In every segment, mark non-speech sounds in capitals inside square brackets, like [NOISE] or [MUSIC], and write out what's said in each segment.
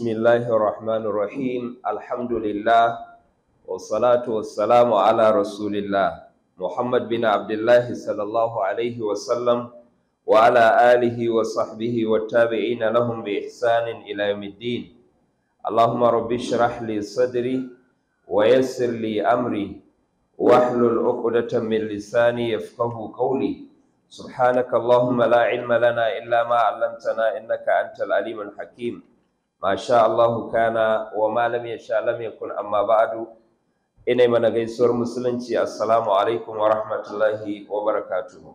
بسم الله الرحمن الرحيم الحمد لله والصلاة والسلام على رسول الله محمد بن عبد الله صلى الله عليه وسلم وعلى آله وصحبه والتابعين لهم بإحسان إلى يوم الدين اللهم رب اشرح لي صدري ويسر لي أمري واحلل عقدة من لساني يفقه قولي سبحانك اللهم لا علم لنا إلا ما علمتنا إنك أنت العليم الحكيم Masha Allah, Allahu kana wa malam ya sha lam yakun amma ba'du ina mana gaisuwar musulunci assalamu alaikum wa rahmatullahi wa barakatuh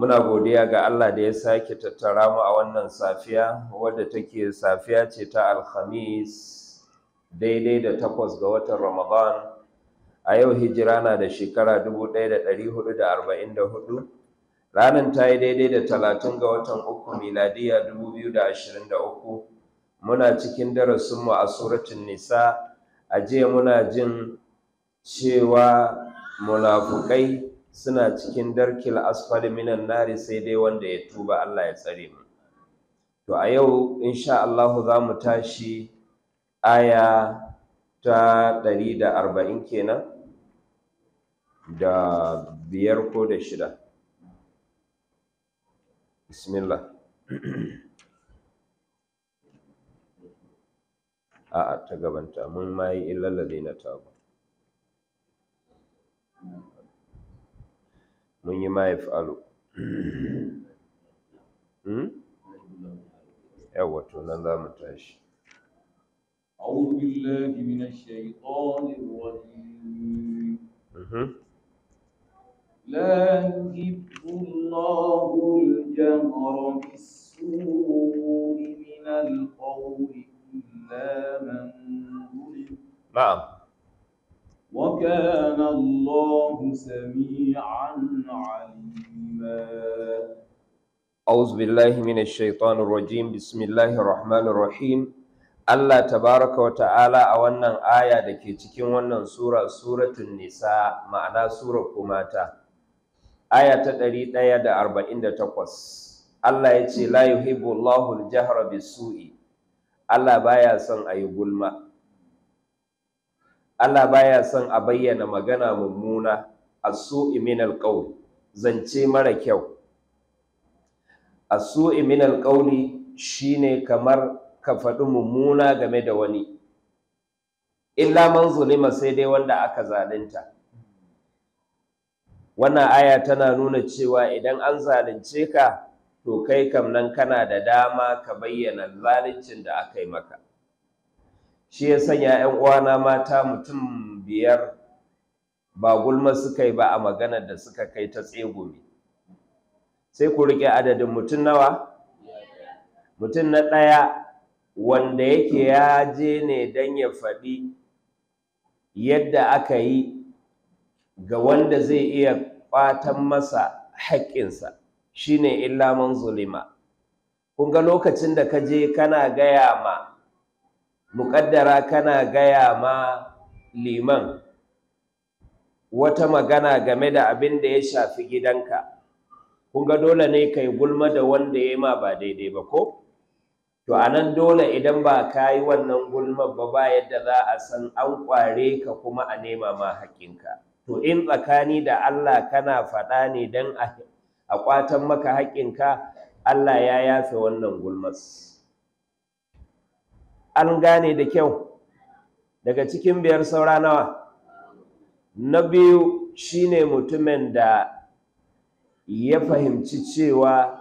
muna godiya ga Allah da ya sake tattara mu a wannan safiya wadda take safiya ce ta alhamis daidai da takwas ga watan ramadan a yau hijira na da shekara da da da ɗari huɗu 1444 ranar ta yi daidai da talatin ga watan uku miladiya uku muna cikin darasinmu a suratun nisa a jiya muna jin cewa munafukai suna cikin darkil asfali minan nari sai dai wanda ya tuba Allah ya tsare mu to a yau insha Allah za mu tashi aya ta ɗari da arba'in kenan da biyar ko da shida bismillah [CLEARS THROAT] a'a ta gabanta mun ma yi illal na tabu mun yi ma yaf'alu [CLEARS THROAT] hmm yawa nan za mu tashi أعوذ بالله من الشيطان الرجيم لا يحب الله الجهر بالسوء من القول إلا من ظلم نعم وكان الله سميعا عليما أعوذ بالله من الشيطان الرجيم بسم الله الرحمن الرحيم Allah tabaraka wa ta'ala a wannan aya da ke cikin wannan sura suratun nisa ma'ana surar kumata aya ta ɗari ɗaya da da arba'in takwas, Allah ya ce la yuhibbu Allahu al-jahra bisu'i Allah baya son ayi gulma Allah baya son a bayyana magana mummuna as-su'i min al zance mara kyau as-su'i min al-qawli shine kamar ka faɗi mummuna game da wani illa man zulima sai dai wanda aka zalunta wannan aya tana nuna cewa idan an zalunce ka to kai kam nan kana da dama ka bayyana zaluncin da aka yi maka shi ya sanya 'yan uwana mata mutum biyar ba gulma suka yi ba a magana da suka kai ta tsegumi sai ku riƙe adadin mutum nawa mutum na ɗaya wanda yake ya je ne don ya faɗi yadda aka yi ga wanda zai iya ƙwatan masa haƙƙinsa shine illa man zulima kun ga lokacin da ka je kana gaya ma muƙaddara kana gaya ma liman wata magana game da abin da ya shafi gidanka kun ga dole ne kai gulma da wanda ya ma ba daidai ba ko to a nan dole idan ba ka yi wannan gulma ba ba yadda za a san an ƙware ka kuma a nema ma haƙƙinka to in tsakani da Allah kana faɗa ne don a ƙwatan maka haƙƙinka Allah ya yafe wannan gulmas an gane da kyau daga cikin biyar saura nawa na biyu shine mutumin da ya fahimci cewa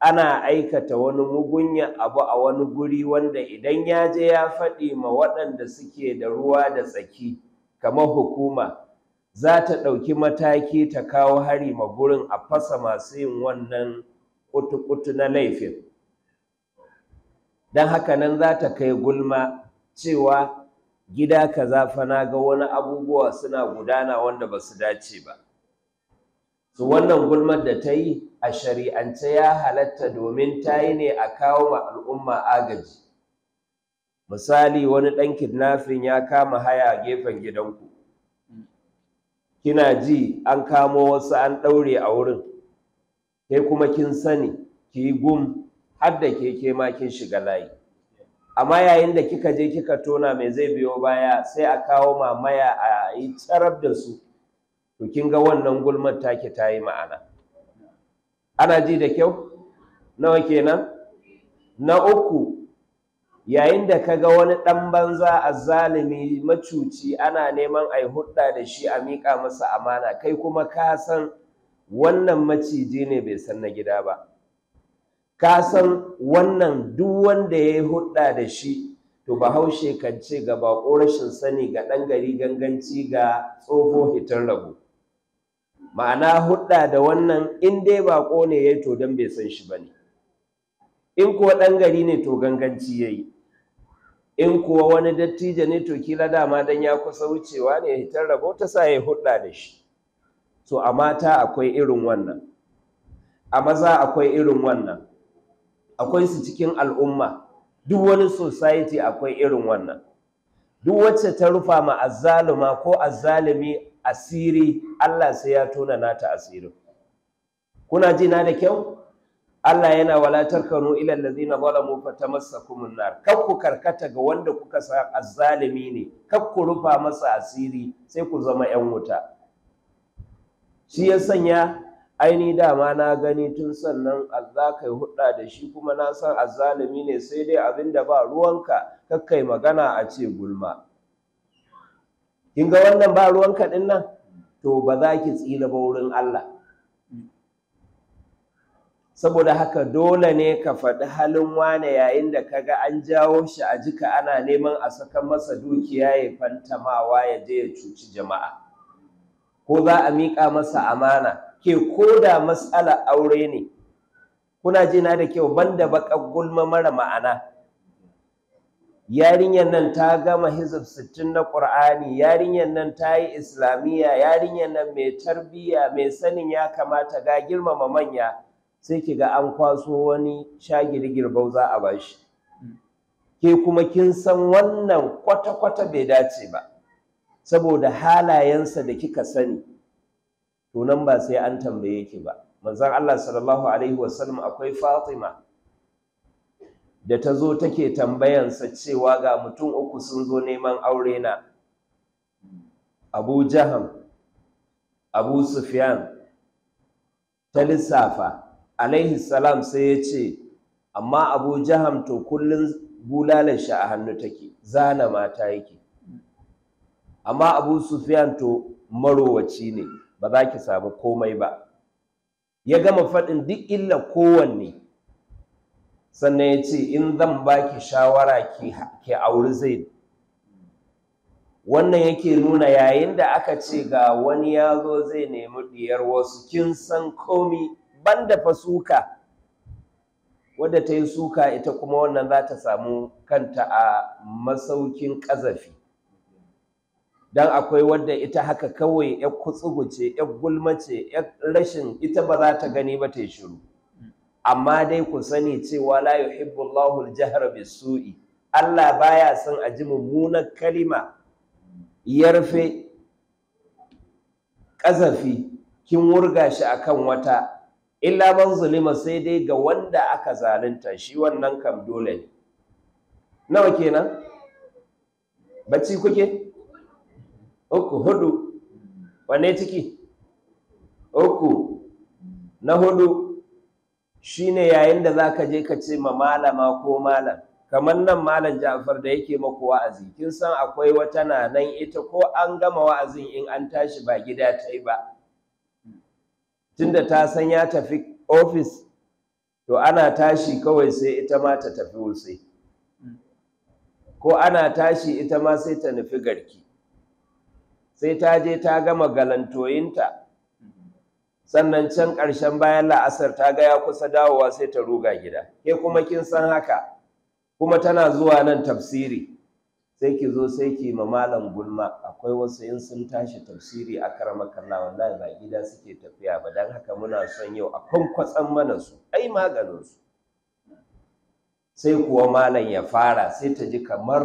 ana aikata wani mugunya abu a wani guri wanda idan ya je ya faɗi ma waɗanda suke da ruwa da tsaki kamar hukuma za ta ɗauki mataki ta kawo hari ma gurin a fasa masu yin wannan kutu na laifin don haka nan za ta kai gulma cewa gida kaza fa ga wani abubuwa suna gudana wanda ba su dace ba su wannan gulmar da ta yi a shari'ance ya halatta domin ta yi ne a kawo ma al'umma agaji misali wani ɗan kidnafin ya kama haya gefen gidanku kina ji an kamo wasu an ɗaure a wurin kai kuma kin sani ki gum har da ke ke ma kin shiga layi amma yayin da kika je kika tona mai zai biyo baya sai a kawo mamaya a yi tsarab da su to kin ga wannan gulmar take ta yi ma'ana ana ji da kyau nawa kenan na uku yayin da kaga wani dan banza azzalimi macuci ana neman ai hudda da shi a mika masa amana kai kuma ka san wannan maciji ne bai san na gida ba ka san wannan duk wanda ya yi hudda da shi to bahaushe kan ce ga baƙo rashin sani ga ɗan gari ganganci ga tsoho hitar rabu ma'ana hudda da wannan in dai bako ne ya to don bai san shi bane in ko ɗan gari ne to ganganci yayi in kuwa wani dattijo ne to kila dama dan ya kusa wucewa ne hitar rabo ta sa ya hudda da shi to a mata akwai irin wannan a maza akwai irin wannan akwai su cikin al'umma duk wani society akwai irin wannan duk wacce ta rufa ma azzaluma ko azzalumi asiri Allah sai ya tona nata asirin kuna ji na da kyau Allah yana walatar kanu ilal allazina zalamu fatamassakumun nar kar ku karkata ga wanda kuka sa azzalimi ne kar ku rufa masa asiri sai ku zama yan wuta shi ya sanya aini dama na gani tun sannan Allah kai hudda da shi kuma na san azzalimi ne sai dai abinda ba ruwanka kakkai magana a ce gulma kin ga wannan ba ruwanka din nan to ba za ki tsira ba wurin Allah saboda haka dole ne ka faɗi halin wane yayin da ka ga an jawo shi a jika ana neman a saka masa dukiya ya fantamawa ya je ya cuci jama'a ko za a miƙa masa amana ke ko da matsalar aure ne kuna jina da kyau banda baƙa gulma mara ma'ana yarinyar nan ta gama hizib sittin na ƙur'ani yarinyar nan ta yi islamiyya yarinyar nan mai tarbiyya mai sanin ya kamata ga girmama manya sai ki ga an kwaso wani shagiri girbau za a bashi ke kuma kin san wannan kwata-kwata bai dace ba saboda halayensa da kika sani to nan ba sai an tambaye ki ba manzon Allah sallallahu alaihi wasallam akwai Fatima da ta zo take tambayansa cewa ga mutum uku sun zo neman aure na Abu Jaham Abu Sufyan ta lissafa alaihi salam sai ya ce amma abu jaham to kullum bulalar shi a hannu take zana mata yake amma abu sufiyan to marowaci ne ba za ki samu komai ba ya gama faɗin duk illa kowanne sannan ya ce in zan baki shawara ke auri zai wannan yake nuna yayin da aka ce ga wani ya zo zai nemi diyar wasu kin san komi banda fasuka wadda ta yi suka ita kuma wannan za ta samu kanta a masaukin ƙazafi don akwai wadda ita haka kawai ya kutsuguce ya gulmace ya rashin ita ba za ta gani ba ta yi shiru amma dai ku sani cewa la yuhibbu Allahu al-jahra bis-su'i Allah baya son a ji mummunar kalima yarfe ƙazafi kin wurga shi akan wata illa man zulima sai dai ga wanda aka zalunta shi wannan kam dole ne nawa kenan bacci kuke uku hudu wanne ciki uku na hudu shine yayin da zaka je ka ce ma malama ko malam kamar nan malam Ja'far da yake maku wa'azi kin san akwai wata nan ita ko an gama wa'azin in an tashi ba gida ta yi ba tunda ta san ya tafi ofis to ana tashi kawai sai ita ma ta tafi wuce ko ana tashi ita ma sai ta nufi garki sai ta je ta gama galantoyinta sannan can ƙarshen bayan la'asar ta ga ya kusa dawowa sai ta ruga gida ke kuma kin san haka kuma tana zuwa nan tafsiri sai ki zo sai ki ma malam gulma akwai wasu in sun tashi tafsiri a karama na wallahi ba gida suke tafiya ba don haka muna son yau a kwankwatsan mana su ai maganin sai kuwa malam ya fara sai ta ji kamar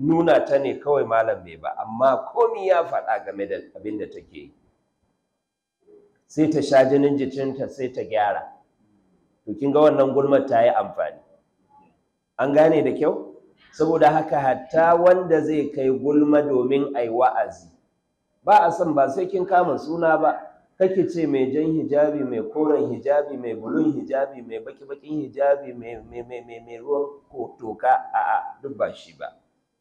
nuna ta ne kawai malam bai ba amma komi ya faɗa game da abin da take yi sai ta sha jinin jikinta sai ta gyara to kin ga wannan gulmar ta yi amfani an gane da kyau saboda haka hatta wanda zai kai gulma domin ai wa'azi ba a san ba sai kin kama suna ba kake ce mai jan hijabi mai koren hijabi mai bulun hijabi mai baki bakin hijabi mai ruwan toka a'a duk ba shi ba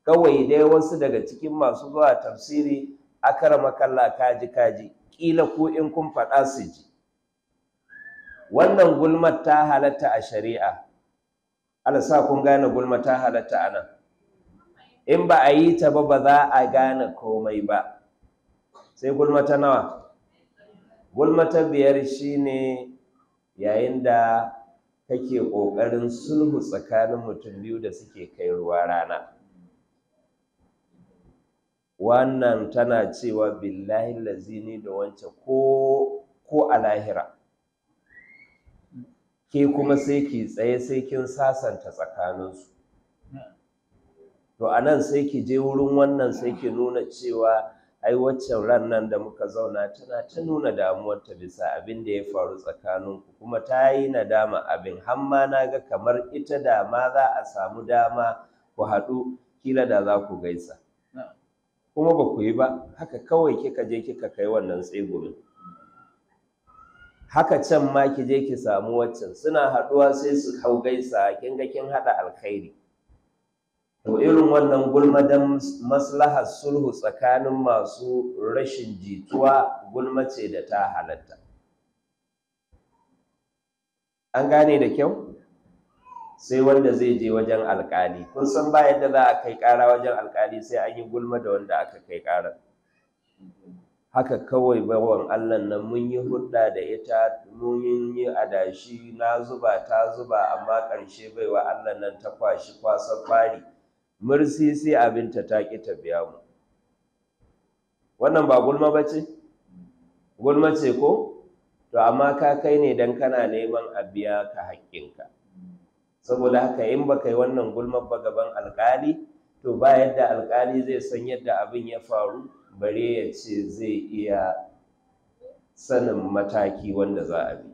kawai dai wasu daga cikin masu zuwa tafsiri akarama makalla kaji kaji kila ko in kun faɗa su ji wannan gulmar ta halatta a shari'a sa kun gane gulma ta halatta a nan in ba a yi ta ba ba za a gane komai ba sai gulma ta nawa gulma ta biyar shine yayin da kake ƙoƙarin sulhu tsakanin mutum biyu da suke kai ruwa rana wannan tana cewa billahi lazini da wance ko ko a lahira ke kuma sai ki tsaye sai kin sasanta tsakaninsu to a nan sai ki je wurin wannan sai ki nuna cewa ai waccan ran nan da muka zauna tana ta nuna damuwarta bisa abin da ya faru tsakaninku kuma ta yi nadama abin har ma na ga kamar ita da ma za a samu dama ku haɗu kila da za ku gaisa kuma ba ku yi ba haka kawai kika je kika kai wannan tsegumin haka can ma ki je ki samu waccan suna haɗuwa sai su hau gaisa kin ga kin haɗa alkhairi to irin wannan gulma dan maslahar sulhu tsakanin masu rashin jituwa gulma ce da ta halatta an gane da kyau sai wanda zai je wajen alkali kun san ba yadda za a kai ƙara wajen alkali sai an yi gulma da wanda aka kai kara haka kawai bawan Allah nan mun yi hudda da ita mun yi adashi na zuba ta zuba amma ƙarshe baiwa Allah nan ta kwashi kwasa fari mursi sai abinta ta ƙi ta biya mu wannan ba gulma ba ce gulma ce ko to amma ka kai ne dan kana neman a biya ka haƙƙinka saboda haka in baka yi wannan gulma ba gaban alƙali to ba yadda alƙali zai san yadda abin ya faru bare ya ce zai iya sanin mataki wanda za a bi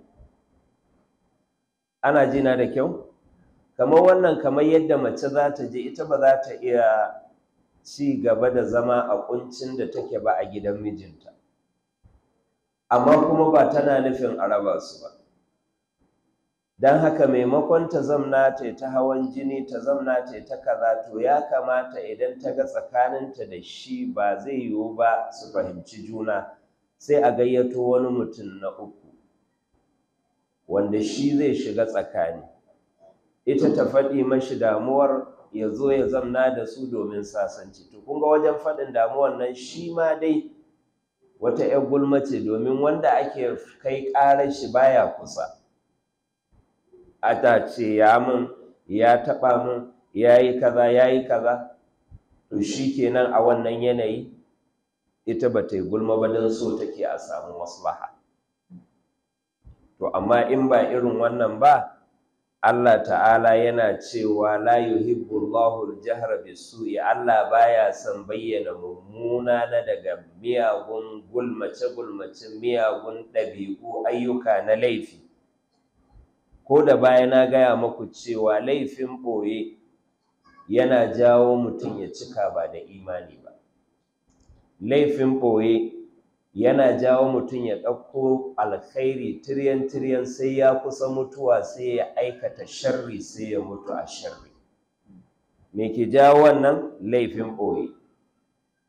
ana jina da kyau kamar wannan kamar yadda mace za ta je ita ba za ta iya ci gaba da zama a kuncin da take ba a gidan mijinta amma kuma ba tana nufin a raba su ba don haka maimakon ta zamna ta ta hawan jini ta zamna ta ta kaza to ya kamata idan ta ga tsakaninta da shi ba zai yiwu ba su fahimci juna sai a gayyato wani mutum na uku wanda shi zai shiga tsakani ita ta faɗi mashi damuwar ya zo ya zamna da su domin sasanci to kun ga wajen faɗin damuwar nan shi ma dai wata 'yar gulma ce domin wanda ake kai ƙarar shi baya kusa ata ce ya mun ya taɓa mun ya yi kaza ya yi kaza to shi kenan a wannan yanayi ita ba ta yi gulma ba don so take a samu maslaha to amma in ba irin wannan ba Allah ta'ala yana cewa la yuhibbullahu al-jahra bisu'i Allah baya son bayyana mummuna na daga miyagun gulmace gulmace miyagun ɗabi'u ayyuka na laifi ko da baya na gaya maku cewa laifin ɓoye yana jawo mutum ya cika ba da imani ba laifin ɓoye yana jawo mutum ya ɗauko alkhairi tiryan-tiryan sai ya kusa mutuwa sai ya aikata sharri sai ya mutu a sharri me ke jawo wannan laifin ɓoye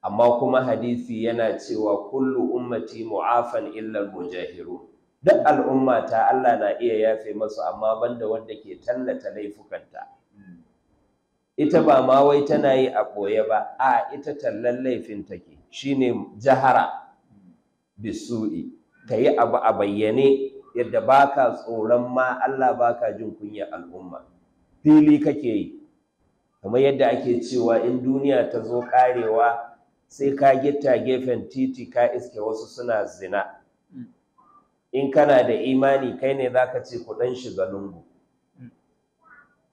amma kuma hadisi yana cewa kullu ummati mu'afan illal mujahirun duk al'umma ta Allah na iya yafe masu amma banda wanda ke tallata laifukanta ita ba ma wai tana yi a ɓoye ba a ita tallan laifin take shine jahara bisu'i ta yi abu a bayyane yadda ba ka tsoron ma Allah ba ka jin kunya al'umma fili kake yi kamar yadda ake cewa in duniya ta zo karewa sai ka gitta gefen titi ka iske wasu suna zina in kana da imani kai ne zaka ce ku shiga lungu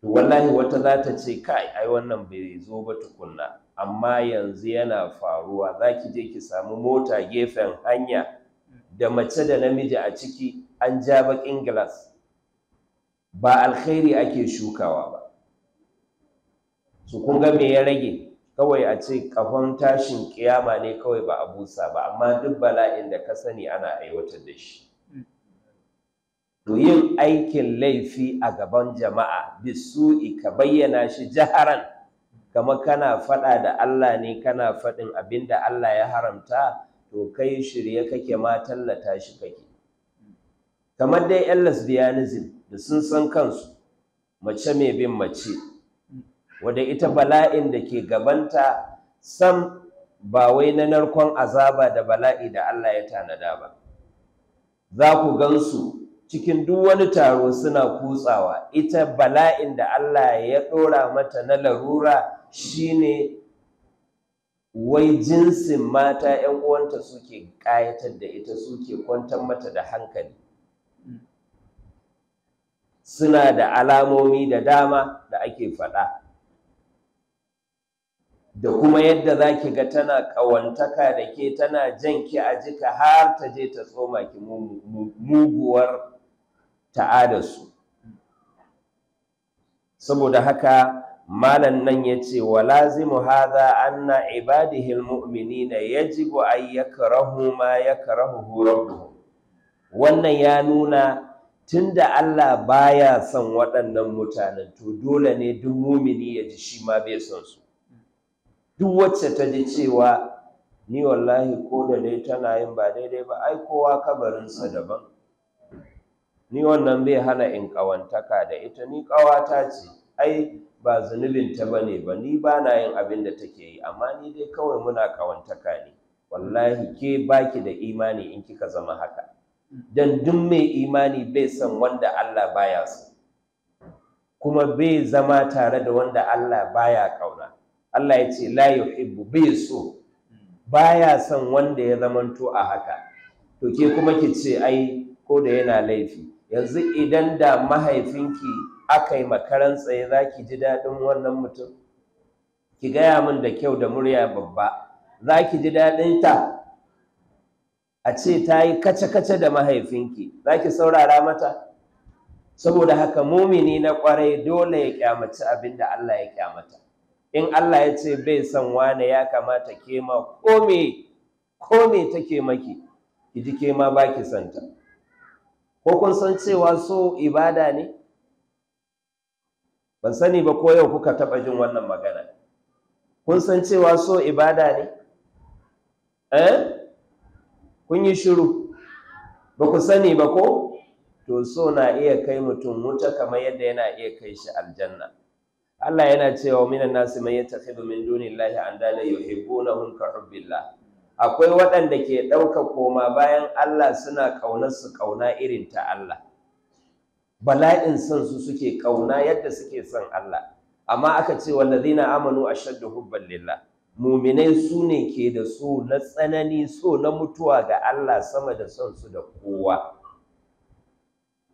to wallahi wata za ta ce kai ai wannan bai zo ba tukunna amma yanzu yana faruwa zaki je ki samu mota gefen hanya da mace da namiji a ciki an ja bakin glass ba alkhairi ake shukawa ba su kun ga me ya rage kawai a ce kafan tashin kiyama ne kawai ba a busa ba amma duk bala'in da ka sani ana aiwatar da shi to yin aikin laifi a gaban jama'a bisu'i ka bayyana shi jaharan kama kana faɗa da Allah ne kana faɗin abinda Allah ya haramta to kai shirye kake ma tallata shi kake kamar dai yan lesbianism da sun san kansu mace mai bin mace wadda ita bala'in da ke gabanta sam ba wai na narkon azaba da bala'i da Allah ya tanada ba za ku gansu cikin duk wani taro suna kutsawa ita bala'in da Allah ya ɗora mata na larura shine wai jinsin mata 'yan uwanta suke ƙayatar da ita suke kwantar mata da hankali suna da alamomi da dama da ake faɗa da kuma yadda za ki ga tana ƙawantaka da ke tana jan ki a jika har ta je ta tsoma ki muguwar su. saboda haka malan nan ya ce wa lazimu haza anna ibadihil mu'minina yajibu an yakrahu ma yakrahu rabbuhum wannan ya nuna tunda Allah baya son waɗannan mutanen to dole ne duk mumini ya ji shi ma bai son su duk wacce ta ji cewa ni wallahi ko da dai tana yin ba daidai ba ai kowa kabarinsa daban ni wannan bai hana in ƙawantaka da ita ni ƙawata ce ai ba zunubin ta bane ba ni ba na yin abin da take yi amma ni dai kawai muna ƙawantaka ne wallahi ke baki da imani in kika zama haka dan duk mai imani bai san wanda Allah baya so kuma bai zama tare da wanda Allah baya kauna Allah ya ce la yuhibbu bai so baya son wanda ya zamanto a haka to ke kuma ki ce ai ko da yana laifi yanzu idan da mahaifinki aka yi makaran tsaye za ki ji daɗin wannan mutum ki gaya min da kyau da murya babba za ki ji daɗin ta a ce ta yi kace-kace da mahaifinki za ki saurara mata saboda haka mumini na kwarai, dole ya kyamaci abin da Allah ya kyamata in Allah ya ce bai san wane ya kamata ke ma me take maki ki ji ke ma ba ki santa ko kun san cewa so ibada ne ban sani ba ko yau kuka taɓa jin wannan magana kun san cewa so ibada ne eh kun yi shiru ba ku sani ba ko to so na iya kai mutum wuta kamar yadda yana iya kai shi aljanna Allah yana cewa minan nasi man yattakhidhu min dunillahi andala na ka hubbillah akwai waɗanda ke ɗauka koma bayan Allah suna ƙaunar su ƙauna irin ta Allah bala'in son su suke ƙauna yadda suke son Allah amma aka ce wallazina amanu a ashaddu hubban lillah muminai su ne ke da so na tsanani so na mutuwa ga Allah sama da son su da kowa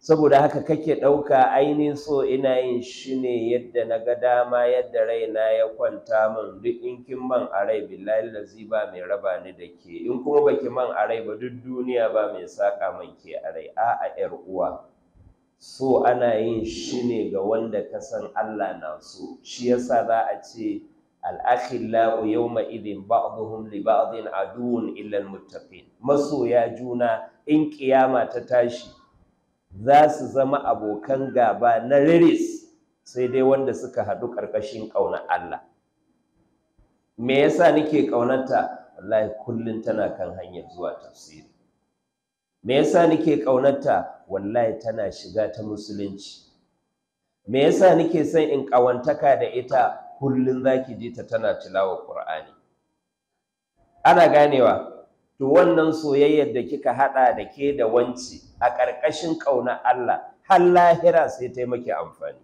saboda haka kake ɗauka ainihin so ina yin shi ne yadda na ga dama yadda raina ya kwanta min duk in kin man a rai billahi lazi ba mai raba ni da ke in kuma baki man a rai ba duk duniya ba mai saƙa man ke a rai a'a yar uwa so ana yin shi ne ga wanda ka san Allah na so shi yasa za a ce al-akhillahu yawma idin ba'dhum li ba'dhin adu'un illa al-muttaqin masoya juna in ƙiyama ta tashi za su zama abokan gaba na riris sai dai wanda suka haɗu ƙarƙashin ƙaunar Allah me yasa nake ƙaunarta wallahi kullum tana kan hanyar zuwa tafsiri me yasa nike ƙaunarta wallahi tana shiga ta musulunci me yasa nike son in ƙawantaka da ita kullum zaki ji ta tana tilawa Qur'ani ana ganewa to wannan soyayyar da kika haɗa da ke da wanci a ƙarƙashin ƙaunar Allah har lahira sai ta maki amfani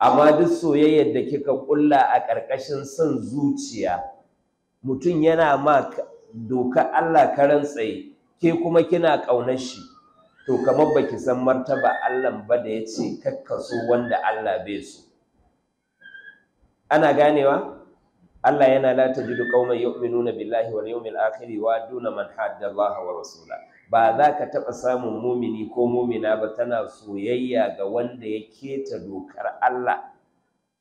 amma duk soyayyar da kika ƙulla a ƙarƙashin son zuciya mutum yana ma doka Allah karan tsaye ke kuma kina ƙaunar shi to kamar baki san martaba Allah ba da ya ce kakkaso wanda Allah bai so ana ganewa Allah yana la tajidu qauman yu'minuna billahi wal yawmil akhir wa duna man hadda Allah wa rasula ba za ka taɓa samun mumini ko mumina ba tana soyayya ga wanda ya keta dokar Allah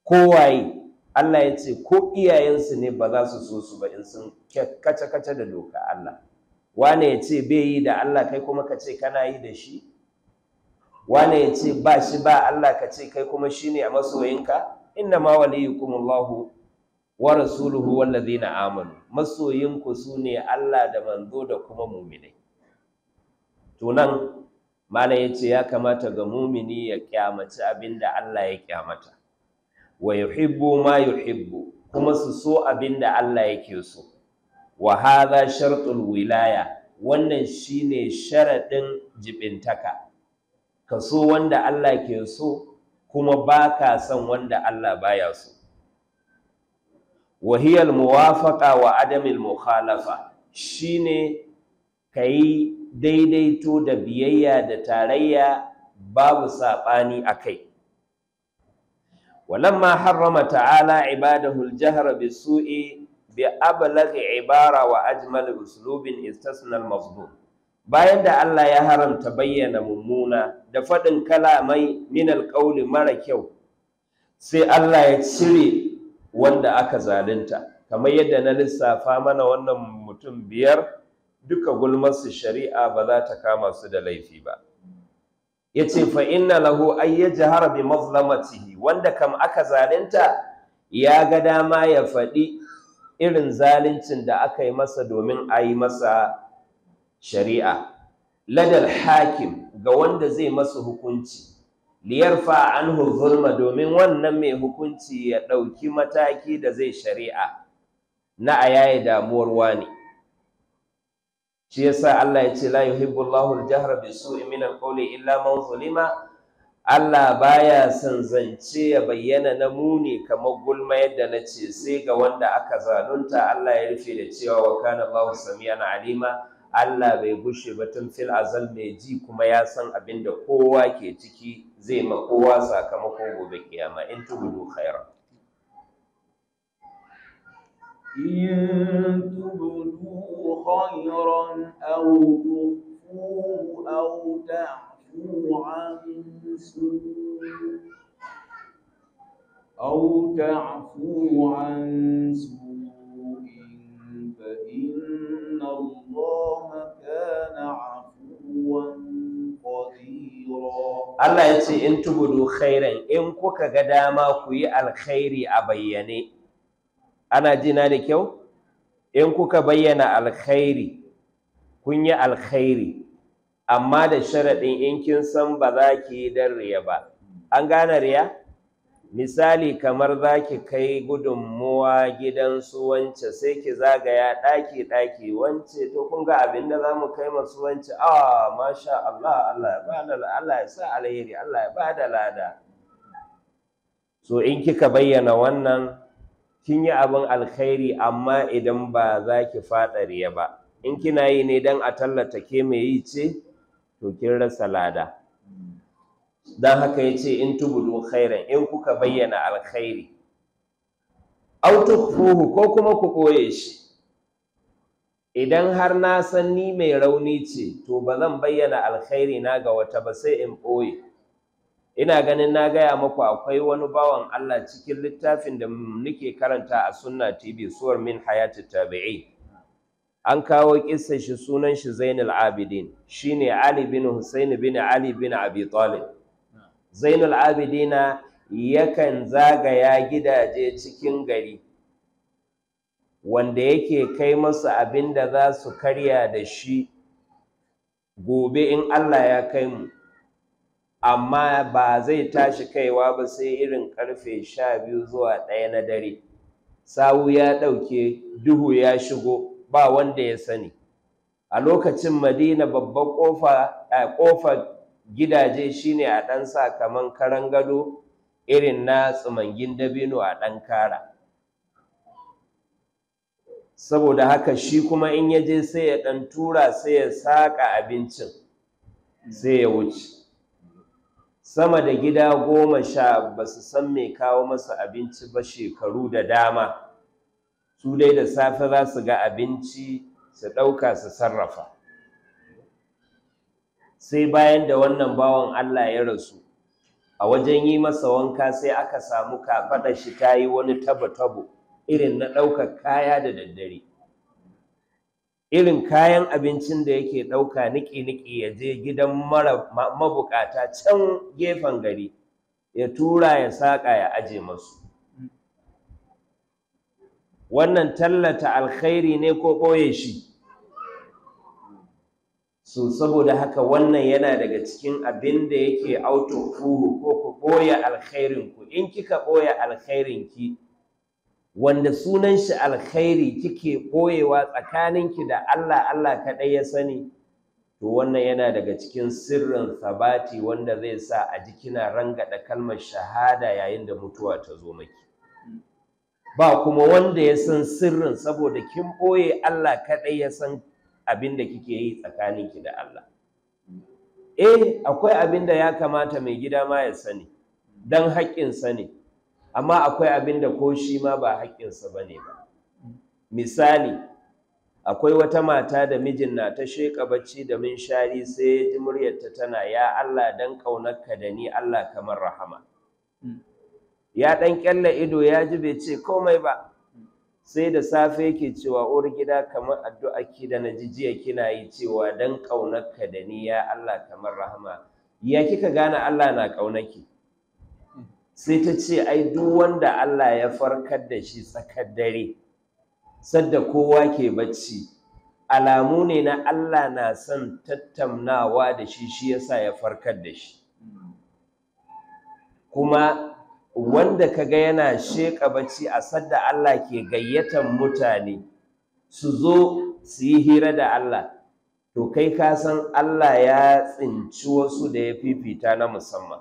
kowaye Allah ya ce ko iyayensu ne ba za su so su ba in sun kace-kace da doka Allah wane ya ce bai yi da Allah kai kuma ka ce kana yi da shi wane ya ce ba shi ba Allah ka ce kai kuma shi ne a masoyinka inna ma waliyukumullahu wa rasuluhu wallazina amanu masoyinku sune Allah da manzo da kuma mu'minai to nan malai yace ya kamata ga mu'mini ya kyamaci abinda Allah ya kyamata wa yuhibbu ma yuhibbu kuma su so abinda Allah yake so wa hadha shartul wilaya wannan shine sharadin jibintaka ka so wanda Allah ke so kuma baka son wanda Allah baya so wahiyal muwafaqa wa adamil mukhalafa shine kai daidaito da biyayya da tarayya babu sabani akai walamma harrama ta'ala ibadahu al bisu'i bi ablaghi ibara wa ajmal uslubin istasna al bayan da Allah ya haramta bayyana mummuna da faɗin kalamai min al mara kyau sai Allah ya cire wanda aka zalunta kamar yadda na lissafa mana wannan mutum biyar duka su shari'a ba za ta kama su da laifi ba ya ce fa inna lahu ay yajhara bi mazlamatihi wanda kam aka zalunta ya ga dama ya faɗi irin zaluncin da aka yi masa domin a yi masa shari'a ladal hakim ga wanda zai masu hukunci liyarfa anhu zulma domin wannan mai hukunci ya ɗauki mataki da zai shari'a na a yayi damuwar wani shi yasa Allah ya ce la yuhibbullahu al-jahra bisu'i min al-qawli illa man zulima Allah baya son zance ya bayyana na muni kamar gulma yadda na ce sai ga wanda aka zalunta Allah ya rufe da cewa wa kana Allahu samiyan alima Allah bai gushe ba tun fil azal mai ji kuma ya san abin da kowa ke ciki زي ما قواسا كما قوبوا بكياما إن تبدو خيرا إن تبدو خيرا أو تخفوه أو تعفو عن سوء أو تعفو عن سوء Allah ya ce in tubudu khairan in kuka ga dama ku yi alkhairi a bayyane ana jina da kyau in kuka bayyana alkhairi kun yi alkhairi amma da sharaɗin in kin san ba za ki yi dan riya ba an gane riya misali kamar za ki kai gudunmuwa gidan su wance sai ki zagaya ɗaki ɗaki wance to kun ga abin da za mu kai masu wance a ah, masha Allah Allah ya ba da Allah ya sa alheri Allah ya ba da lada so in kika bayyana wannan kin yi abin alkhairi amma idan ba za ki faɗa riya ba in kina yi ne dan a tallata ke mai yi ce to kin rasa lada don haka ya ce in tubudu khairan in kuka bayyana alkhairi au ko kuma ku koye shi idan har na san ni mai rauni ce to ba zan bayyana alkhairi na ga wata ba sai in ɓoye ina ganin na gaya muku akwai wani bawan Allah cikin littafin da nake karanta a sunna tv suwar min hayati tabi'i an kawo kissa shi sunan shi zainul abidin shine ali bin husaini bin ali bin abi talib zainul abidina yakan zagaya gidaje cikin gari wanda yake kai masu abin da za su karya da shi gobe in Allah ya kai mu amma ba zai tashi kaiwa ba sai irin karfe sha biyu zuwa ɗaya na dare sawu ya ɗauke duhu ya shigo ba wanda ya sani a lokacin madina babban ƙofar gidaje shine a ɗan sa kaman karan gado irin na tsumangin dabino a ɗan kara saboda haka shi kuma in ya je sai ya ɗan tura sai ya saƙa abincin sai ya wuce sama da gida goma sha ba su san mai kawo masa abinci ba shekaru da dama su dai da safe za su ga abinci su ɗauka su sarrafa sai bayan da wannan bawan Allah ya rasu a wajen yi masa wanka sai aka samu kafaɗa shi ta yi wani tabo-tabo irin na ɗaukar kaya da daddare irin kayan abincin da yake ɗauka niki-niki ya je gidan mara mabukata can gefen gari ya tura ya saƙa ya aje masu wannan tallata alkhairi ne ko ɓoye shi so saboda haka wannan yana daga cikin abin da yake autofuhu ko ku ɓoye alkhairinku in kika ɓoye alkhairinki wanda sunan shi alkhairi kike ɓoyewa tsakaninki da Allah Allah kaɗai ya sani to wannan yana daga cikin sirrin sabati wanda zai sa a jikina kina rangada kalmar shahada yayin da mutuwa ta zo maki ba kuma wanda ya san sirrin saboda kin ɓoye Allah kaɗai ya san abin da kike yi tsakanin ki da Allah eh akwai abin da ya kamata mai gida ma ya sani don haƙƙinsa ne amma akwai abin da ko shi ma ba haƙƙinsa ba ne ba misali akwai wata mata da mijin na ta sheƙa bacci da min shari sai ya ji muryarta tana ya Allah don ƙaunarka da ni Allah kamar rahama hmm. ya ɗan ƙyalla ido ya ji bai ce komai ba sai da safe yake cewa uwar gida kamar addu'a ki da najijiya jiya kina yi cewa dan kaunarka da ni ya Allah kamar rahama ya kika gane Allah na kaunaki sai ta ce ai duk wanda Allah ya farkar da shi tsakar dare sadda kowa ke bacci alamu ne na Allah na son tattaunawa da shi shi yasa ya farkar da shi kuma wanda kaga yana sheƙa bacci a sadda Allah ke gayyatan mutane su zo su yi hira da Allah to kai ka san Allah ya tsinci wasu da ya fifita na musamman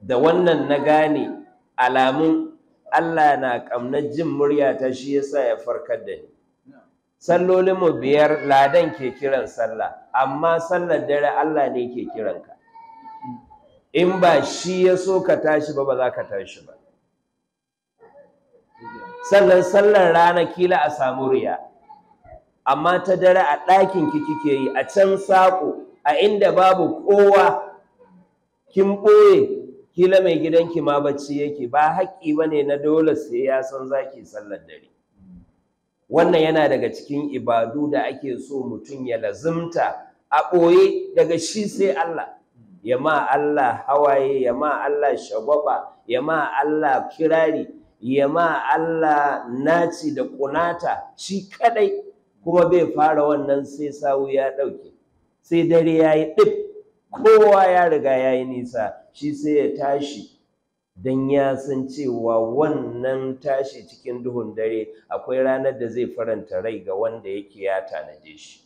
da wannan na gane alamun Allah na ƙamnar jin murya ta shi yasa ya farkar da ni sallolin mu biyar ladan ke kiran sallah amma sallar dare Allah ne ke kiranka in ba shi ya so ka tashi ba ba za ka tashi ba sannan sallar rana kila a samu riya amma ta dare a ɗakin ki kike yi a can saƙo a inda babu kowa kin ɓoye kila mai gidanki ma bacci yake ba haƙƙi ba ne na dole sai ya san za ki sallar dare wannan yana daga cikin ibadu da ake so mutum ya lazimta a ɓoye daga shi sai Allah ya ma Allah hawaye ya ma Allah shagwaba ya ma Allah kirari ya ma Allah naci da kunata shi kadai kuma bai fara wannan sai sawu ya dauke sai dare ya yi dip kowa ya riga ya yi nisa shi sai ya tashi don ya san cewa wannan tashi cikin duhun dare akwai ranar da zai faranta rai ga wanda yake ya tanaje shi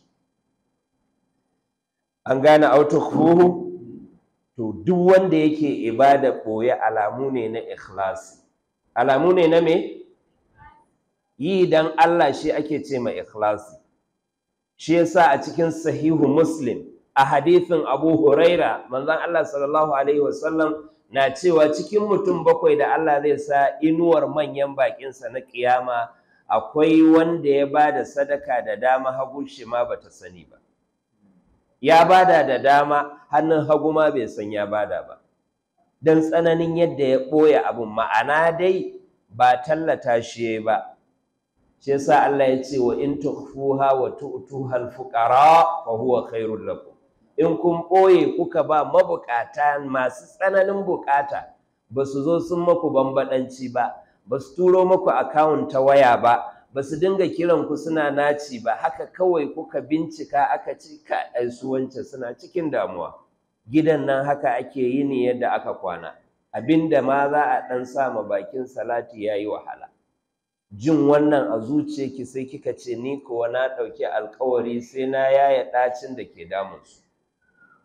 an gane autokuhu to duk wanda yake ibada koya alamu ne na ikhlasi alamu ne na me yi dan Allah shi ake ce ma ikhlasi shi yasa a cikin sahihu muslim a hadithin abu huraira manzon Allah sallallahu alaihi wasallam na cewa cikin mutum bakwai da Allah zai sa inuwar manyan sa na kiyama akwai wanda ya ba da sadaka da dama hagun shi ma bata sani ba ya bada da dama hannun hagu ma bai san ya bada ba don tsananin yadda ya ɓoye abin ma'ana dai ba tallata shi ba shi yasa Allah ya ce wa in tukhfuha wa tu'tuha al-fuqara fa huwa khairul lakum in kun ɓoye kuka ba mabukata masu tsananin bukata ba su zo sun maku bambadanci ba ba su turo maku akawun ta waya ba ba su dinga kiran ku suna naci ba haka kawai kuka bincika aka ci ka su suna cikin damuwa gidan nan haka ake yi ne yadda aka kwana abinda ma za a dan sa ma bakin salati yayi wahala jin wannan a zuciyarki sai kika ce ni kuwa na ɗauki alkawari sai na yaya ɗacin da ke damun su.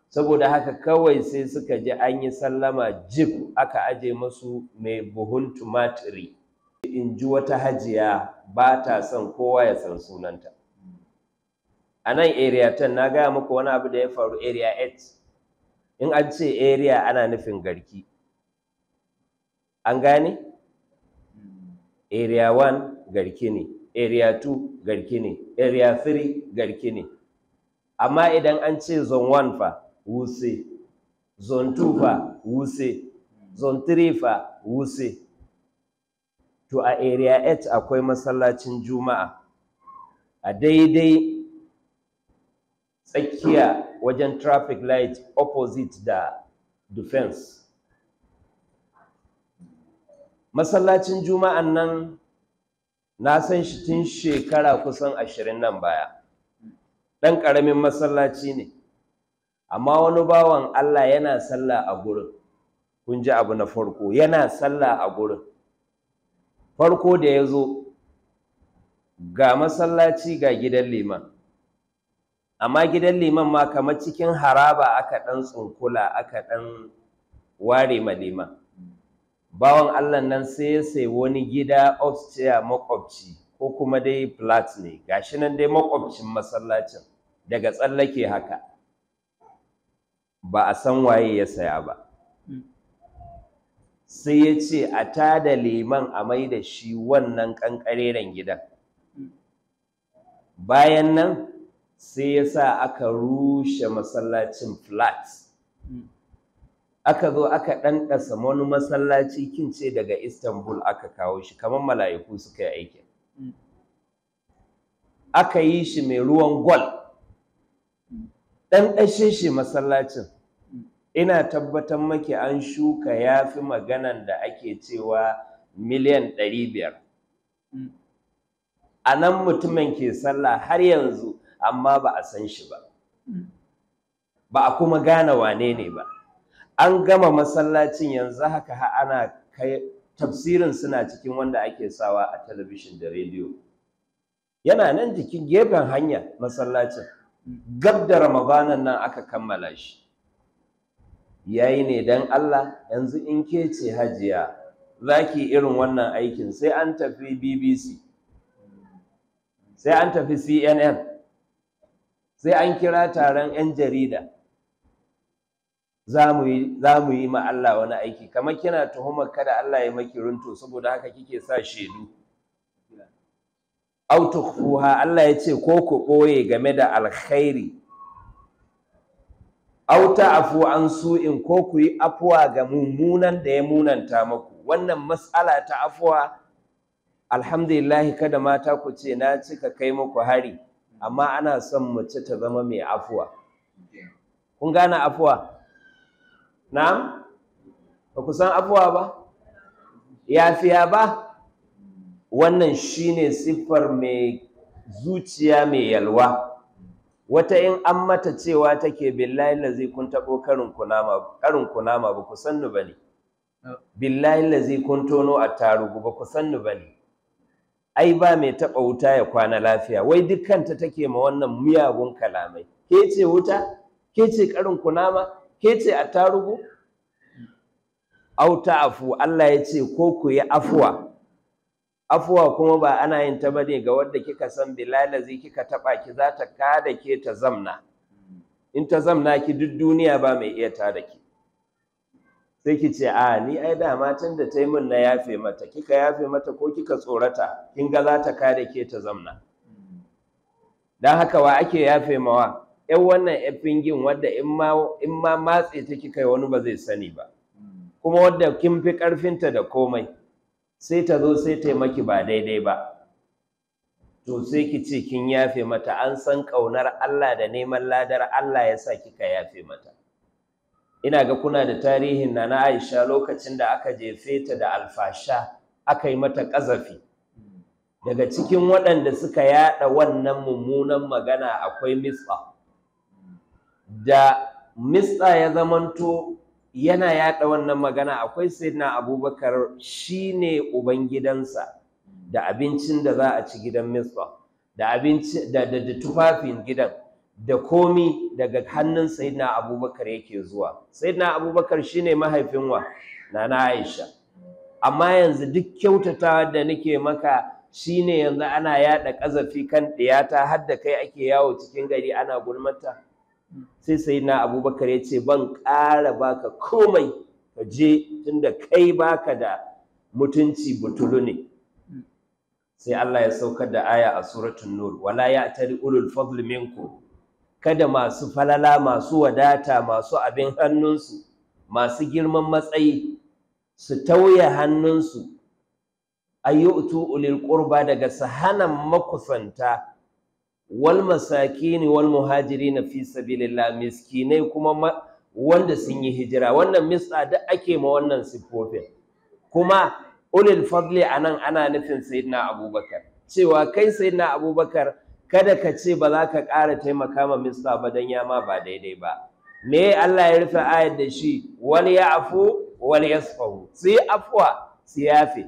saboda haka kawai sai suka ji an yi sallama jib aka aje masu mai buhun tumatiri in ji wata hajiya ba ta son kowa ya san sunanta a nan area 10 na gaya muku wani abu da ya faru area 8 in an ce area ana nufin garki an gane area 1 garki ne area 2 garki ne area 3 garki ne amma idan an ce zone 1 fa wuse zone 2 fa wuse zone 3 fa wuse to a area H akwai masallacin juma'a a daidai tsakiya wajen traffic light opposite da defense masallacin juma'an nan na san shi tun shekara kusan ashirin nan baya ɗan ƙaramin masallaci ne amma wani bawan Allah yana sallah a gurin kun ji abu na farko yana sallah a gurin farko da ya zo ga masallaci ga gidan liman amma gidan liman ma kamar cikin haraba aka ɗan tsunkula aka ɗan ware ma liman bawan allah nan sai ya sai wani gida upstairs makwabci ko kuma dai flat ne ga shi nan dai makwabcin masallacin daga tsallake haka ba a san waye ya saya ba sai ya ce a tada liman a mai da shi wannan ƙanƙareren gidan bayan nan sai ya sa aka rushe masallacin flat aka zo aka ɗanɗasa wani masallaci kince daga istanbul aka kawo shi kamar mala'iku suka yi aiki. aka yi shi mai ruwan gwal ɗan ɗashe shi masallacin ina tabbatar maki an shuka ya fi maganan da ake cewa miliyan ɗari biyar mm. a nan mutumin ke sallah har yanzu amma ba a san shi ba mm. ba a kuma gane wane ne ba an gama masallacin yanzu haka ana kai tafsirin suna cikin wanda ake sawa a talabishin da rediyo yana nan jikin gefen hanya masallacin mm. gab da ramadanan nan aka kammala shi yayi ne dan Allah yanzu in ke ce hajiya zaki irin wannan aikin sai an tafi BBC sai an tafi CNN sai an kira taron 'yan jarida za mu yi ma Allah wani aiki kamar kina tuhumar kada Allah ya maki runto saboda haka kike sa shedu autukhuha Allah ya ce ko ku ɓoye game da alkhairi auta afu an su in ko ku yi afuwa ga mummunan da ya munanta maku, wannan matsala ta afuwa alhamdulillahi kada mata ku ce na cika kai maku hari amma ana son mace ta zama mai afuwa kun gane afuwa na'am ba ku san afuwa ba yafiya ba wannan shine siffar mai zuciya mai yalwa wata in an mata cewa take billahi lazi kun taɓo karin kunama karin kunama ba ku sannu bane billahi lazi kun tono a tarugu ba ku sannu bane ai ba mai taɓa wuta ya kwana lafiya wai dukkanta take ma wannan miyagun kalamai ke ce wuta ke ce karin kunama ke ce a tarugu mm. auta afu Allah ya ce ko ku yi afuwa afuwa kuma ba ana yin ta bane ga wanda kika san bilalazi kika taba ki za ta kada ke ta zamna in ta zamna ki duk duniya ba mai iya ta da ki sai ki ce a ni ai da matan da ta yi min na yafe mata kika yafe mata ko kika tsorata kin ga za ta kada ke ta zamna dan haka wa ake yafe mawa yan wannan yan fingin wadda in ma in ma matse ta kika wani ba zai sani ba kuma wadda kin fi karfinta da komai sai ta zo sai ta maki ba daidai ba to sai ki ce kin yafe mata an san ƙaunar Allah da neman ladar Allah ya sa kika yafe mata ina ga kuna da tarihin na na Aisha lokacin da aka jefe ta da alfasha aka yi mata ƙazafi daga cikin waɗanda suka yaɗa wannan mummunan magana akwai misa da Mista ya zamanto yana yaɗa wannan magana akwai sayyidina abubakar shine uban gidansa da abincin da za a ci gidan misra da abinci da tufafin gidan da komi daga hannun sayyidina abubakar yake zuwa sayyidina abubakar shine mahaifin wa nana aisha amma yanzu duk kyautata da nake maka shine yanzu ana yaɗa ƙazafi kan ɗiyata har da kai ake yawo cikin gari ana gulmata sai sai na abubakar ya ce ban ƙara baka komai ka je tunda kai baka da mutunci butulu ne sai Allah ya saukar da aya a suratul nur wala ya tari ulul fadl minkum kada masu falala masu wadata masu abin hannunsu masu girman matsayi su tauye hannunsu ayyutu ulil qurba daga sahanan makusanta wal masakini wal muhajirina fi sabilillah miskinai kuma wanda sun yi hijira wannan mis'a da ake ma wannan siffofin kuma ulil fadli anan ana nufin sayyidina abubakar cewa kai sayyidina abubakar kada ka ce ba za ka ƙara taimaka ma mis'a ba dan ya ma ba daidai ba me Allah ya rufe ayar da shi wal ya'fu wal yasfahu sai afwa siyafi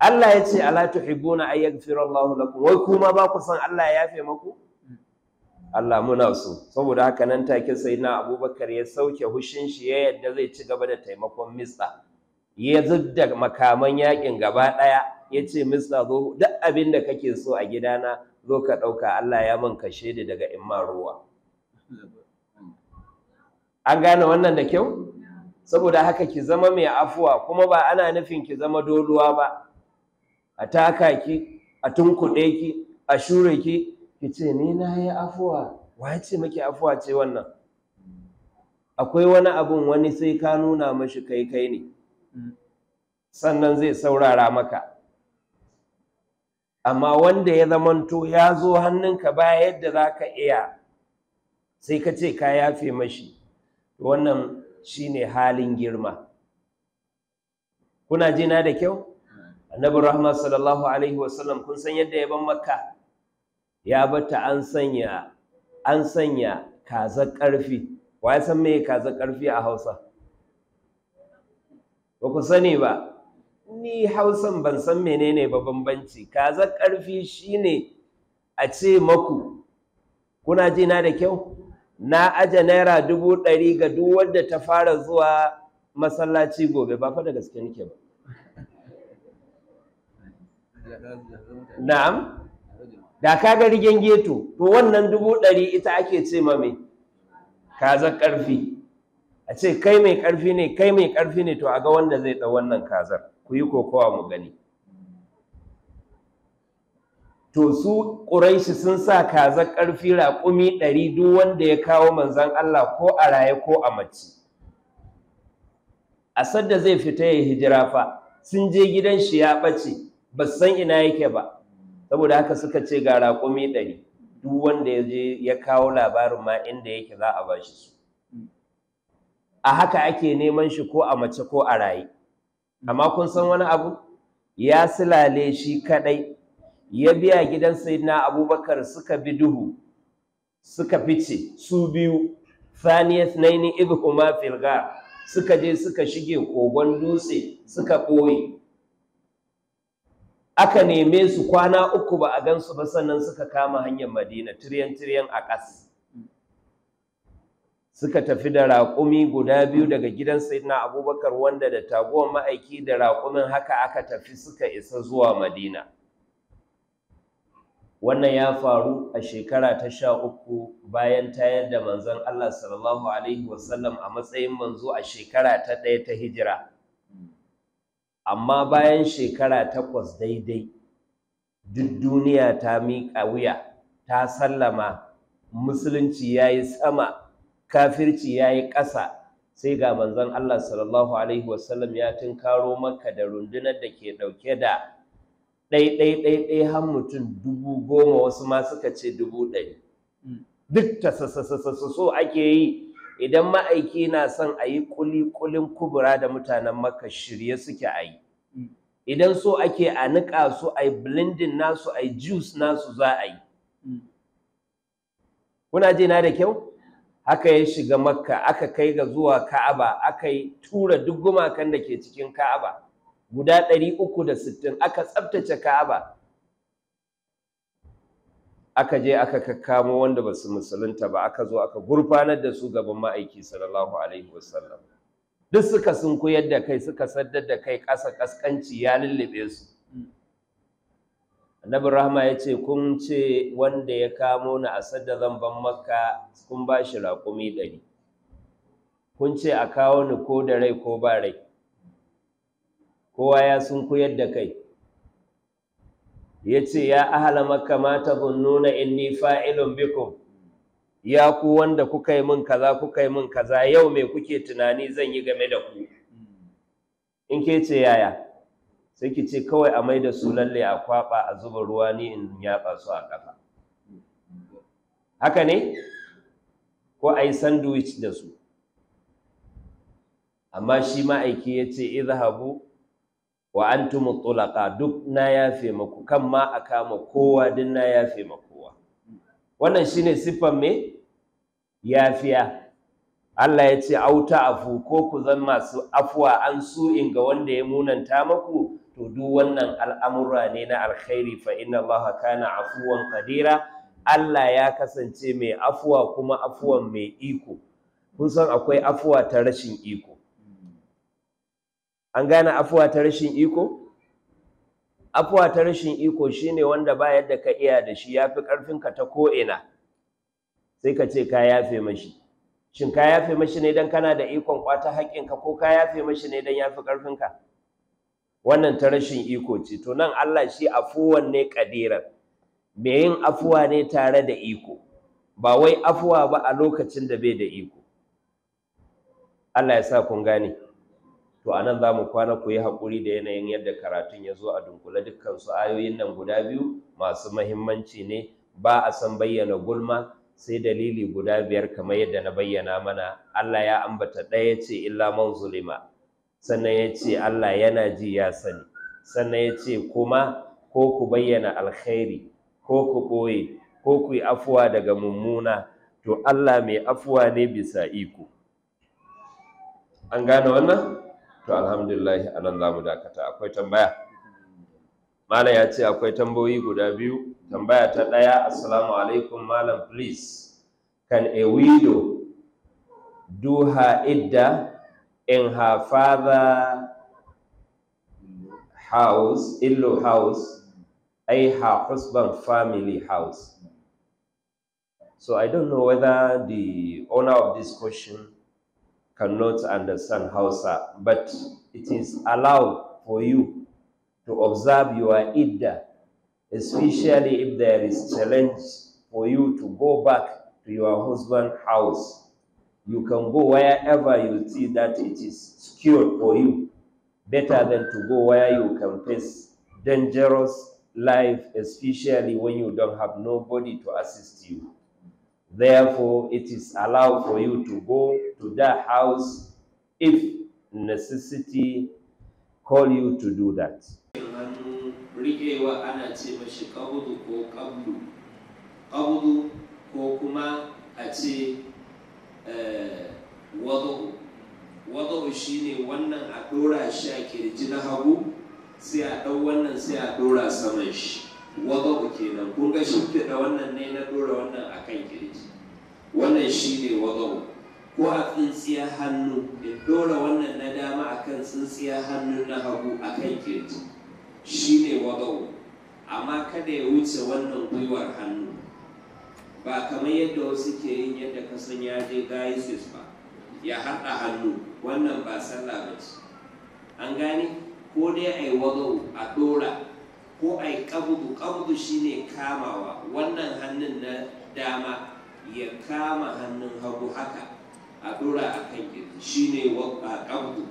Allah ya ce ala tuhibbuna ay yaghfira Allahu lakum wai kuma ba ku san Allah ya yafe maku Allah muna so saboda haka nan take sai na Abubakar ya sauke hushin shi ya yadda zai ci gaba da taimakon Mista ya zudda makaman yakin gaba daya ya ce Mista zo duk abin da kake so a gidana zo ka ɗauka Allah ya mun kashe da daga imma ruwa an gane wannan da kyau saboda haka ki zama mai afuwa kuma ba ana nufin ki zama doluwa ba a taka ki a tunkuɗe ki a shure ki ki ce ni na yi afuwa ya ce maki afuwa ce wannan akwai wani abun wani sai ka nuna mashi kai kai ne sannan zai saurara maka amma wanda ya zamanto ya zo hannunka baya yadda za ka iya sai ka ce ka yafe mashi wannan shine halin girma kuna jina da kyau annabin rahama sallallahu alaihi wasallam kun san yadda ya ban makka ya bata an sanya an sanya kazar ƙarfi wa ya san me kazar ƙarfi a hausa ba ku sani ba ni hausan ban san menene ba bambanci kazar ƙarfi shine a ce maku kuna ji na da kyau na aje naira dubu ɗari ga duk wadda ta fara zuwa masallaci gobe ba fa da gaske nake ba na'am da ka ga rigen geto to wannan dubu ɗari ita ake ce ma mai kazar ƙarfi a ce kai mai ƙarfi ne kai mai ƙarfi ne to a ga wanda zai ɗau wannan kazar ku yi kokowa mu gani to su ƙuraishi sun sa kazar ƙarfi raƙumi ɗari duk wanda ya kawo manzan Allah ko a raye ko a mace a sadda zai fita ya hijira fa sun je gidan shi ya ɓace ba san ina yake ba saboda haka suka ce ga raƙumi ɗari duk wanda ya je ya kawo labarin ma inda yake za a bashi su a haka ake neman shi ko a mace ko a raye amma kun san wani abu ya silale shi kaɗai, ya biya gidan sayyidina abubakar suka bi duhu suka fice su biyu faniyas naini ibhuma fil suka je suka shige kogon dutse suka ɓoye aka neme su kwana uku ba a gansu ba sannan suka kama hanyar madina tiryan-tiryan a ƙas suka tafi da raƙumi guda biyu daga gidan sayidina abubakar wanda da taguwar ma'aiki da raƙumin haka aka tafi suka isa zuwa madina wannan ya faru a shekara ta sha uku bayan tayar da manzon allah sallallahu alaihi wasallam a matsayin manzo a shekara ta ɗaya ta hijira amma bayan shekara takwas daidai duk duniya ta miƙa wuya ta sallama musulunci ya yi sama kafirci ya yi ƙasa sai ga manzon Allah sallallahu alaihi wasallam ya tunkaro maka da rundunar da ke ɗauke da ɗai ɗai har mutum dubu goma wasu ma suka ce dubu ɗari mm. duk ta so ake yi idan ma'aiki na son a yi kulikulin kubura da mutanen maka shirye suke a yi idan so ake a niƙa su a yi blending nasu a yi juice nasu za a yi kuna na da kyau haka ya shiga makka aka kai ga zuwa ka'aba aka yi tura duk gumakan da ke cikin ka'aba guda 360 aka tsabtace ka'aba aka je aka kakkamo wanda ba su musulunta ba aka zo aka gurfanar da su gaban ma'aiki sallallahu alaihi wasallam duk suka sunkuyar da kai suka saddar da kai ƙasa ƙasƙanci ya lullube su annabi rahma ya ce kun ce wanda ya kamo ni a sadda zamban makka kun ba shi raƙumi ɗari kun ce a kawo ni ko da rai ko ba rai kowa ya sunkuyar da kai ya ce ya ahala makka mata in inni fa'ilun Bikun. ya ku wanda kuka yi min kaza kuka yi min kaza yau mai kuke tunani zan yi game da ku in ke ce yaya sai ki ce kawai a maida su lalle a kwaba a zuba ruwa ni in yatsa su a kafa haka ne ko a yi sandwich da su amma shi ma'aiki ya ce izhabu wa antumut tulaka duk na yafe maku kan ma a kama kowa duk na yafe ma kowa wannan shine siffar me yafiya Allah ya ce auta afu ko ku zan masu afuwa an su'in ga wanda ya munanta maku to duk wannan al'amura ne na alkhairi fa inna Allah kana afuwan qadira Allah ya kasance mai afuwa kuma afuwan mai iko kun san akwai afuwa ta rashin iko an gane afuwa ta rashin iko afuwa ta rashin iko shine wanda ba yadda ka iya da shi yafi ka ta ko'ina sai ka ce ka yafe mashi shin ka yafe mashi ne don kana da ikon kwata haƙƙinka ko ka yafe mashi ne don yafi ka wannan ta rashin iko ce to nan Allah shi afuwan ne kadiran me yin afuwa ne tare da iko ba wai afuwa ba a lokacin da bai da iko Allah ya sa kun gane to anan za mu kwana ku yi haƙuri da yanayin yadda karatun ya zo a dunkule dukkan su ayoyin nan guda biyu masu mahimmanci ne ba a san bayyana gulma sai dalili guda biyar kamar yadda na bayyana mana Allah ya ambata ɗaya ce illa man zulima sannan ya ce Allah yana ji ya sani sannan ya ce kuma ko ku bayyana alkhairi ko ku ɓoye ko ku yi afuwa daga mummuna to Allah mai afuwa ne bisa iko an gane wannan to alhamdulillah anan za mu dakata akwai tambaya malam ya ce akwai tambayoyi guda biyu tambaya ta ɗaya assalamu alaikum malam please can a widow do her idda in her father house illo house ai her husband family house so i don't know whether the owner of this question cannot understand Hausa, but it is allowed for you to observe your Idda, especially if there is challenge for you to go back to your husband's house. You can go wherever you see that it is secure for you, better than to go where you can face dangerous life, especially when you don't have nobody to assist you. Therefore, it is allowed for you to go to that house if necessity call you to do that. Eh, shi ne wannan a shi a kirji na hagu sai a ɗau wannan sai a saman shi wadau kenan kun ga shimfiɗa wannan ne na ɗora wannan a kan kirji wannan shi ne wadau ko a tsintsiyar hannu ya ɗora wannan na dama a kan tsintsiyar hannu na hagu a kan kirji shi ne wadau amma kada ya wuce wannan gwiwar hannu ba kamar yadda wasu ke yin yadda kasan ya je diocese ba ya haɗa hannu wannan ba sallah ba ce an gane ko dai a yi wadau a ɗora ko a yi ƙabudu ƙabudu ne kamawa wannan hannun na dama ya kama hannun hagu haka a ɗora a kan kirji ne ƙabudu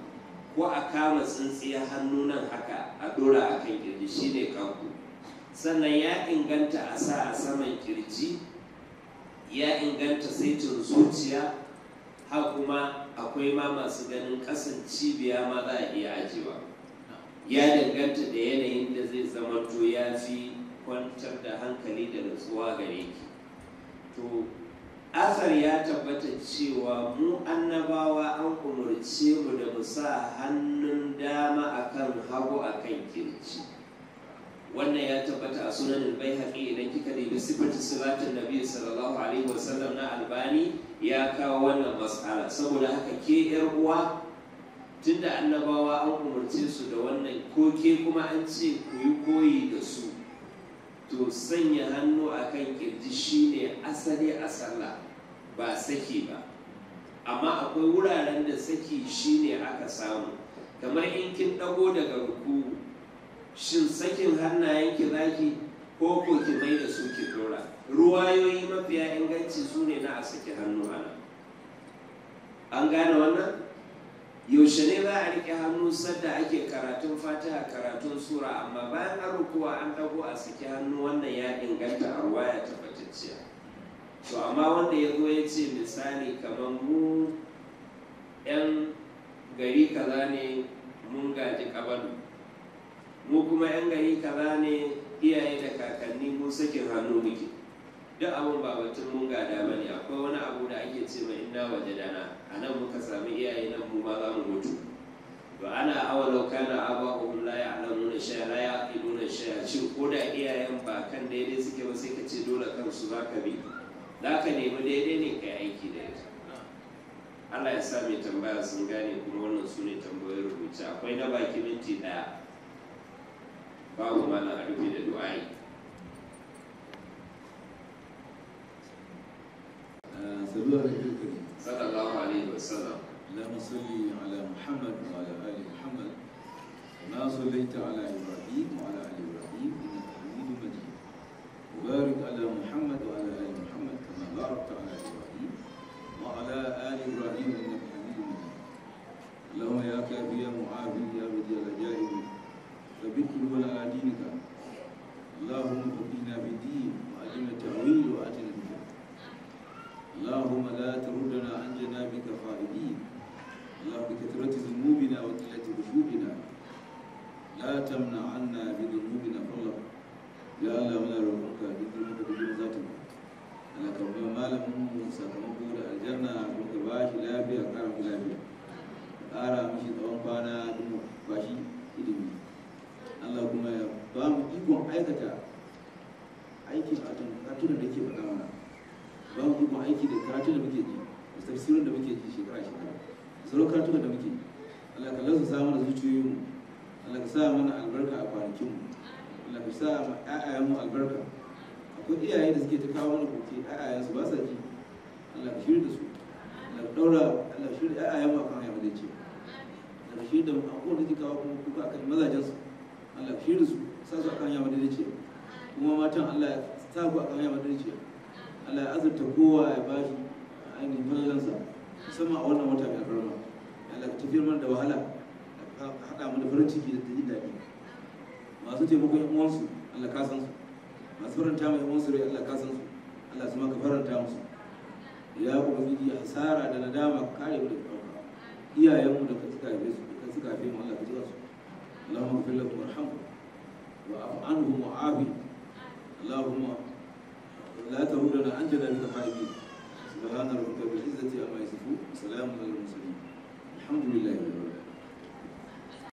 ko a kama tsintsiyar hannu nan haka a ɗora a kan kirji ne ƙabudu sannan ya inganta a sa a saman kirji ya inganta saitin zuciya ha kuma akwai ma masu ganin ƙasan cibiya ma za a iya ajiyewa ya danganta da yanayin da zai zama ya fi kwantar da hankali da nutsuwa gare ki to asar ya tabbata cewa mu annabawa an umarce mu da mu sa hannun dama akan hagu akan kirci wannan ya tabbata a sunan bai haƙi idan kika nemi sifatin salatin nabi sallallahu alaihi wasallam na albani ya kawo wannan mas'ala saboda haka ke yar uwa tunda annabawa an umarce su da wannan koke kuma an ce ku yi koyi da su to sanya hannu a kan kirji shine asali asala, ba saki ba amma akwai wuraren da saki shine aka samu kamar in kin dago daga ruku shin sakin hannayenki zaki ko ko ki mai da su ki dora ruwayoyi mafiya inganci su ne na a saki hannu ana an gane wannan yaushe ne za a rike hannu sadda ake karatun fatiha karatun sura amma bayan an an dago a saki hannu wannan ya inganta a ruwaya tabbatacciya to amma wanda ya zo ya ce misali kamar mu yan gari kaza ne mun gaji kabalu mu kuma yan gari kaza ne iyaye da kakanni mu sakin hannu muke duk abun ba batun mun gada bane akwai wani abu da ake ce ma inna dana? a nan muka sami iyaye nan mu ma za mu mutu ba ana awalau kana abahum a ya'lamuna shay'a la yaqiluna shay'a shin ko da iyayen ba kan daidai suke ba sai ka ce dole kansu za ka bi za ka nemi daidai ne ka aiki da ita Allah ya sa mai tambaya sun gane kuma wannan su ne tambayoyin rubuta akwai na baki minti ɗaya babu mana a rufe da du'ai sabuwar da صلى الله عليه وسلم اللهم صل على محمد وعلى ال محمد كما صليت على ابراهيم وعلى ال ابراهيم انك حميد مجيد وبارك على محمد وعلى ال محمد كما باركت على ابراهيم وعلى ال ابراهيم انك حميد مجيد اللهم يا كافي يا معافي يا بديع العجائب فبكر ولا على دينك اللهم فقهنا بدين وعلمنا التاويل واتنا اللهم لا تردنا عن جنابك خائبين اللهم بكثرة ذنوبنا وقلة ذنوبنا لا تمنع عنا بذنوبنا فضلا يا الله منا روحك بذنوبك بدون ذاتنا Allah ka rubuta malamin mu sakamako da aljanna ko ka ba shi lafiya ƙara mu lafiya ƙara mishi tsawon kwana kuma ba shi ilimi Allah kuma ya ba mu ikon aikata aikin a tunan da ke faɗa mana ba mu kuma aiki da karatu da muke ji da tafsirin da muke ji shekara shekara sauran karatu da muke Allah ka lasa da zuciyoyin mu Allah ka sa mana albarka a mu Allah ka sa ma mu albarka akwai iyaye da suke ta kawo mana koke su ba sa ji Allah ka shirya da su Allah ka daura Allah ka shirya mu a kan yamma da ce Allah ka shirya da mu akwai da ke kawo kuma kuka akan su. Allah ka da su sa su a kan yamma da ce kuma matan Allah ya sa ku a kan yamma da ce Allah ya azurta kowa ya ba shi ainihin falalansa musamman a wannan wata mai alfarma Allah ka tafiyar mana da wahala ka haɗa mana farin ciki da jin daɗi masu taimakon yan uwansu Allah ka san su masu faranta mai uwansu rai Allah ka san su Allah su maka faranta musu ya ubangiji hasara da nadama ka kare mu da ƙarfa iyayenmu da ka suka haife su ka suka haife mu Allah ka ji su Allahumma ghfir lahum wa wa'fu anhum wa'afi Allahumma لا ترون لنا أنجنا من القائمين سبحان ربك بالعزة أما يصفون وسلام على المرسلين الحمد لله رب العالمين